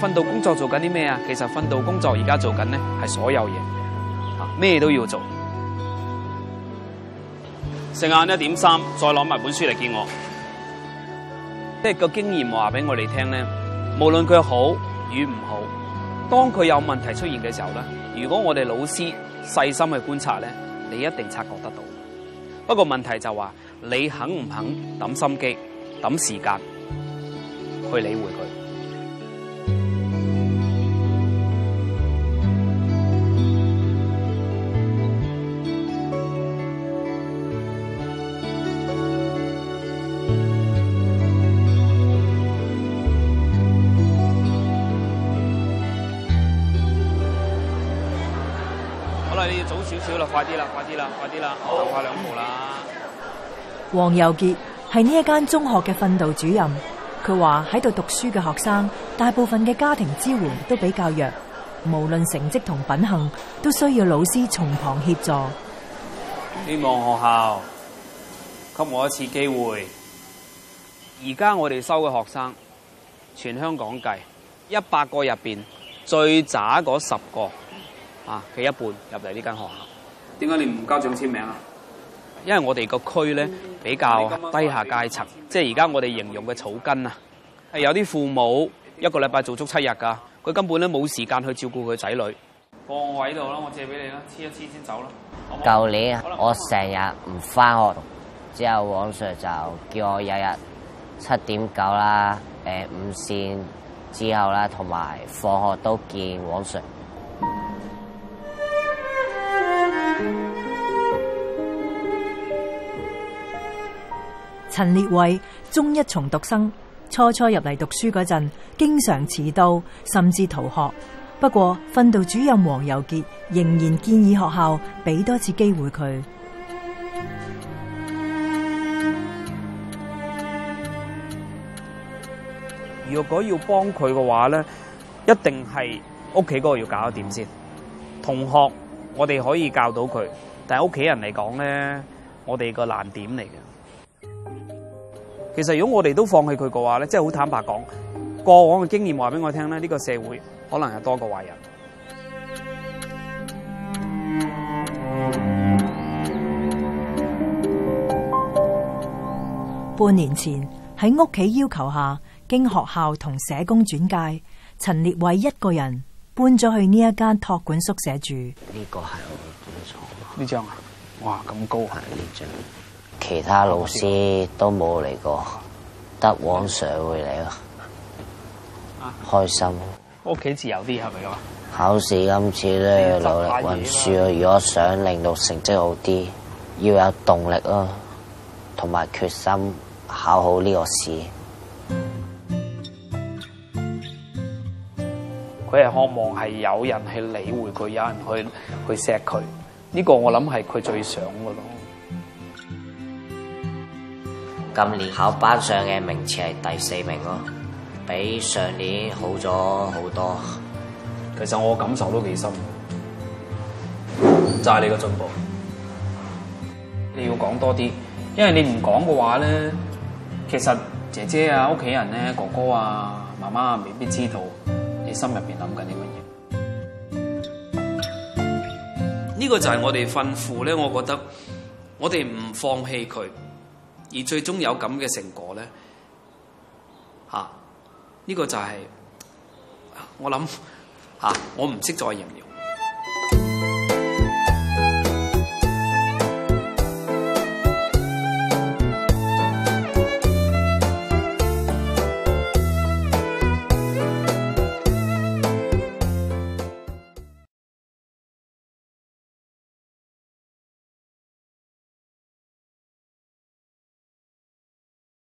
訓導工作做緊啲咩啊？其實訓導工作而家做緊呢，係所有嘢，咩都要做。成眼一點三，再攞埋本書嚟見我。即係個經驗話俾我哋聽咧，無論佢好與唔好，當佢有問題出現嘅時候咧，如果我哋老師細心去觀察咧，你一定察覺得到。不過問題就話，你肯唔肯抌心機、抌時間去理會佢？好啦，你要早少少啦，快啲啦，快啲啦，快啲啦，就快、oh. 兩步啦。黃攸杰係呢一間中學嘅訓導主任。佢話喺度讀書嘅學生，大部分嘅家庭支援都比較弱，無論成績同品行，都需要老師從旁協助。希望學校給我一次機會。而家我哋收嘅學生，全香港計一百個入邊，最渣嗰十個啊嘅一半入嚟呢間學校。點解你唔交長簽名啊？因為我哋個區咧比較低下階層，即係而家我哋形容嘅草根啊，係有啲父母一個禮拜做足七日㗎，佢根本咧冇時間去照顧佢仔女。放位度啦，我借俾你啦，黐一黐先走啦。舊年啊，我成日唔翻學，之後黃 Sir 就叫我日日七點九啦，誒五線之後啦，同埋放學都見黃 Sir。陳列偉中一重讀生，初初入嚟讀書嗰陣，經常遲到甚至逃學。不過訓導主任黃攸杰仍然建議學校俾多次機會佢。如果要幫佢嘅話呢，一定係屋企嗰個要搞一掂先。同學，我哋可以教到佢，但係屋企人嚟講呢，我哋個難點嚟嘅。其實如果我哋都放棄佢嘅話咧，即係好坦白講，過往嘅經驗話俾我聽咧，呢個社會可能係多過壞人。半年前喺屋企要求下，經學校同社工轉介，陳列偉一個人搬咗去呢一間托管宿舍住。呢個係我呢張啊！哇，咁高。係呢張。其他老師都冇嚟過，得往常 i 會嚟啊。開心。屋企自由啲係咪啊？是是，考試今次都要努力温書啊。如果想令到成績好啲，要有動力咯，同埋決心考好呢個試。佢係渴望係有人去理會佢，有人去去錫佢。呢、這個我諗係佢最想嘅咯。今年考班上嘅名次係第四名咯，比上年好咗好多。其實我感受都幾深，就係、是、你嘅進步、嗯。你要講多啲，因為你唔講嘅話咧，其實姐姐啊、屋企人咧、啊、哥哥啊、媽媽啊未必知道你心入邊諗緊啲乜嘢。呢個就係我哋訓輔咧，我覺得我哋唔放棄佢。而最終有咁嘅成果咧，嚇、啊、呢、呢個就係我諗嚇、啊，我唔識再應。